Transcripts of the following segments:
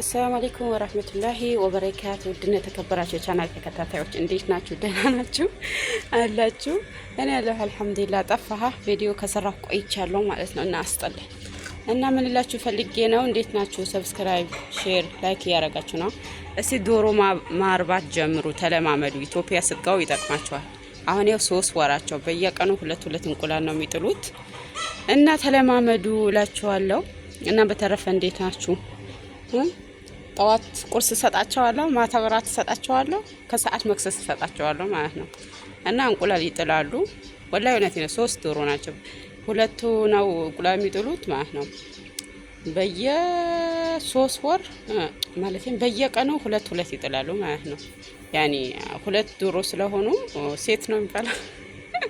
አሰላሙ አሌይኩም ወራህመቱላሂ ወበረካቱ። ውድና የተከበራችሁ የቻናል ተከታታዮች እንዴት ናችሁ? ደህና ናችሁ አላችሁ? እኔ ያለሁ አልሐምዱሊላህ። ጠፋህ ቪዲዮ ከሰራሁ ቆይቻለሁ ማለት ነው እና አስጠላኝ እና ምን ፈልጌ ነው። እንዴት ናችሁ? ሰብስክራይብ፣ ሼር፣ ላይክ እያደረጋችሁ ነው። እስቲ ዶሮ ማርባት ጀምሩ፣ ተለማመዱ። ኢትዮጵያ ስጋው ይጠቅማቸዋል። አሁን ያው ሶስት ወራቸው በየቀኑ ሁለት ሁለት እንቁላል ነው የሚጥሉት እና ተለማመዱ እላችኋለሁ እና በተረፈ እንዴት ናችሁ? ጠዋት ቁርስ እሰጣቸዋለሁ፣ ማታ እራት እሰጣቸዋለሁ፣ ከሰዓት መክሰስ እሰጣቸዋለሁ ማለት ነው። እና እንቁላል ይጥላሉ። ወላሂ እውነቴን ነው። ሶስት ዶሮ ናቸው፣ ሁለቱ ነው እንቁላል የሚጥሉት ማለት ነው። በየሶስት ወር ማለት በየቀኑ ሁለት ሁለት ይጥላሉ ማለት ነው። ያኔ ሁለት ዶሮ ስለሆኑ ሴት ነው የሚባላ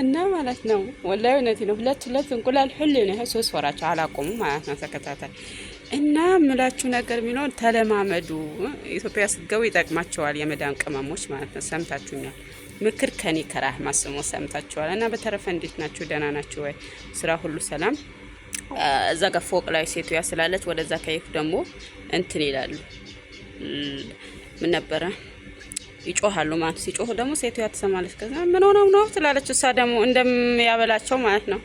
እና ማለት ነው። ወላሂ እውነቴን ነው። ሁለት ሁለት እንቁላል ሁሌ ነው። ሶስት ወራቸው አላቆሙ ማለት ነው ተከታታይ እና ምላችሁ ነገር ቢኖር ተለማመዱ። ኢትዮጵያ ስትገቡ ይጠቅማቸዋል። የመዳን ቅመሞች ማለት ነው። ሰምታችሁኛል። ምክር ከኔ ከራህ ማስሞ ሰምታችኋል። እና በተረፈ እንዴት ናችሁ? ደህና ናችሁ ወይ? ስራ ሁሉ ሰላም? እዛ ጋር ፎቅ ላይ ሴቱ ያስላለች። ወደዛ ከይፍ ደግሞ እንትን ይላሉ። ምን ነበረ ይጮሃሉ ማለት ሲጮሁ ደግሞ ሴቱ ያትሰማለች። ከዛ ምን ሆነው ነው ትላለች። እሷ ደግሞ እንደሚያበላቸው ማለት ነው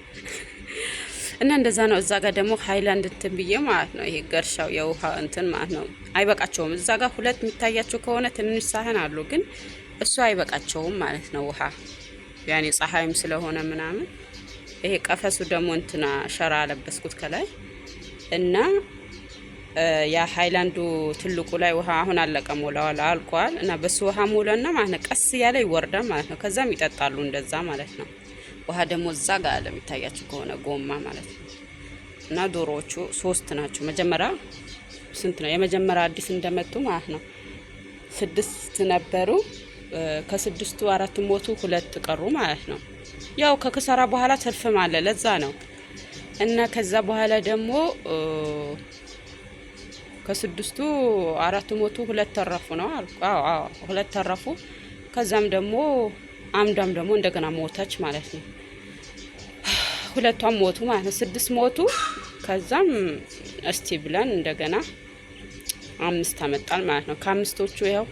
እና እንደዛ ነው። እዛ ጋር ደግሞ ሀይላንድ እንትን ብዬ ማለት ነው። ይሄ ገርሻው የውሃ እንትን ማለት ነው። አይበቃቸውም። እዛ ጋር ሁለት የሚታያቸው ከሆነ ትንሽ ሳህን አሉ፣ ግን እሱ አይበቃቸውም ማለት ነው። ውሃ ያኔ ፀሐይም ስለሆነ ምናምን ይሄ ቀፈሱ ደግሞ እንትና ሸራ አለበስኩት ከላይ እና ያ ሀይላንዱ ትልቁ ላይ ውሃ አሁን አለቀ፣ ሞላዋል፣ አልቋል። እና በሱ ውሃ ሞለና ማለት ነው ቀስ እያለ ይወርዳል ማለት ነው። ከዛም ይጠጣሉ እንደዛ ማለት ነው። ውሃ ደግሞ እዛ ጋር አለ የሚታያችሁ ከሆነ ጎማ ማለት ነው። እና ዶሮዎቹ ሶስት ናቸው። መጀመሪያ ስንት ነው? የመጀመሪያ አዲስ እንደመጡ ማለት ነው ስድስት ነበሩ። ከስድስቱ አራት ሞቱ፣ ሁለት ቀሩ ማለት ነው። ያው ከክሰራ በኋላ ትርፍም አለ ለዛ ነው። እና ከዛ በኋላ ደግሞ ከስድስቱ አራት ሞቱ፣ ሁለት ተረፉ ነው። አዎ ሁለት ተረፉ። ከዛም ደግሞ አምዷም ደግሞ እንደገና ሞተች ማለት ነው። ሁለቷም ሞቱ ማለት ነው። ስድስት ሞቱ። ከዛም እስቲ ብለን እንደገና አምስት አመጣል ማለት ነው። ከአምስቶቹ ያው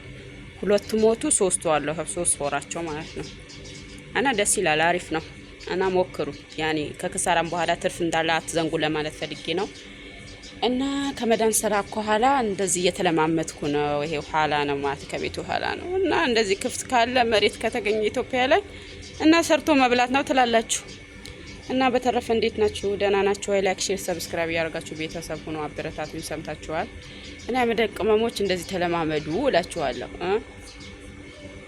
ሁለቱ ሞቱ፣ ሶስቱ አለው ሶስት ወራቸው ማለት ነው። እና ደስ ይላል፣ አሪፍ ነው እና ሞክሩ። ያኔ ከክሳራም በኋላ ትርፍ እንዳለ አትዘንጉ ለማለት ፈልጌ ነው። እና ከመዳን ስራ ከኋላ እንደዚህ እየተለማመትኩ ነው። ይሄ ኋላ ነው ማለት ከቤቱ ኋላ ነው። እና እንደዚህ ክፍት ካለ መሬት ከተገኘ ኢትዮጵያ ላይ እና ሰርቶ መብላት ነው ትላላችሁ። እና በተረፈ እንዴት ናችሁ? ደህና ናችሁ ወይ? ላይክ፣ ሼር፣ ሰብስክራይብ እያደረጋችሁ ቤተሰብ ሆኖ አበረታቱኝ። ሰምታችኋል። እና የመደቅ ቅመሞች እንደዚህ ተለማመዱ እላችኋለሁ።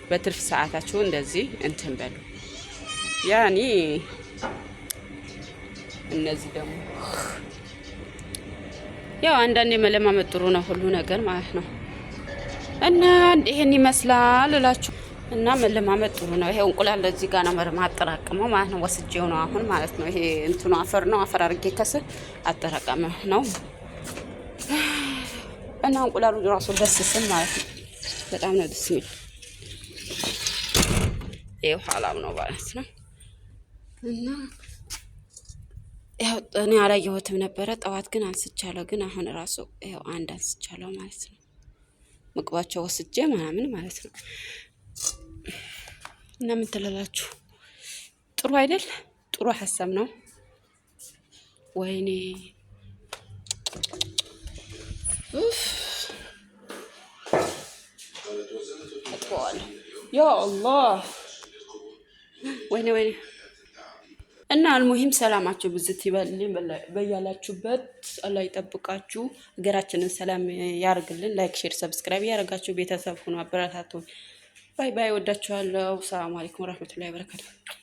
በትርፍ ሰዓታችሁ እንደዚህ እንትን በሉ እነዚህ ደግሞ ያው አንዳንዴ መለማመጥ ጥሩ ነው፣ ሁሉ ነገር ማለት ነው። እና ይሄን ይመስላል እላችሁ እና መለማመጥ ጥሩ ነው። ይሄ እንቁላል እዚህ ጋር ነው ማጠራቀመው ማለት ነው። ወስጄው ነው አሁን ማለት ነው። ይሄ እንትኑ አፈር ነው፣ አፈር አድርጌ ከስር አጠራቀመ ነው። እና እንቁላሉ ራሱ ደስ ስል ማለት ነው። በጣም ነው ደስ የሚል ይሄ ኋላም ነው ማለት ነው እና ያው እኔ አላየሁትም ነበረ። ጠዋት ግን አንስቻለሁ። ግን አሁን እራሱ ያው አንድ አንስቻለሁ ማለት ነው። ምግባቸው ወስጄ ምናምን ማለት ነው። እና ምን ትላላችሁ? ጥሩ አይደል? ጥሩ ሀሳብ ነው። ወይኔ ያ አላህ ወይኔ ወይኔ እና አልሙሂም ሰላማችሁ ብዝት ይበልልኝ። በያላችሁበት አላህ ይጠብቃችሁ። ሀገራችንን ሰላም ያርግልን። ላይክ፣ ሼር፣ ሰብስክራይብ ያደርጋችሁ ቤተሰብ ሁኑ። አበረታቱን። ባይ ባይ። ወዳችኋለሁ። ሰላም አለይኩም ወረህመቱላሂ ወበረካቱ።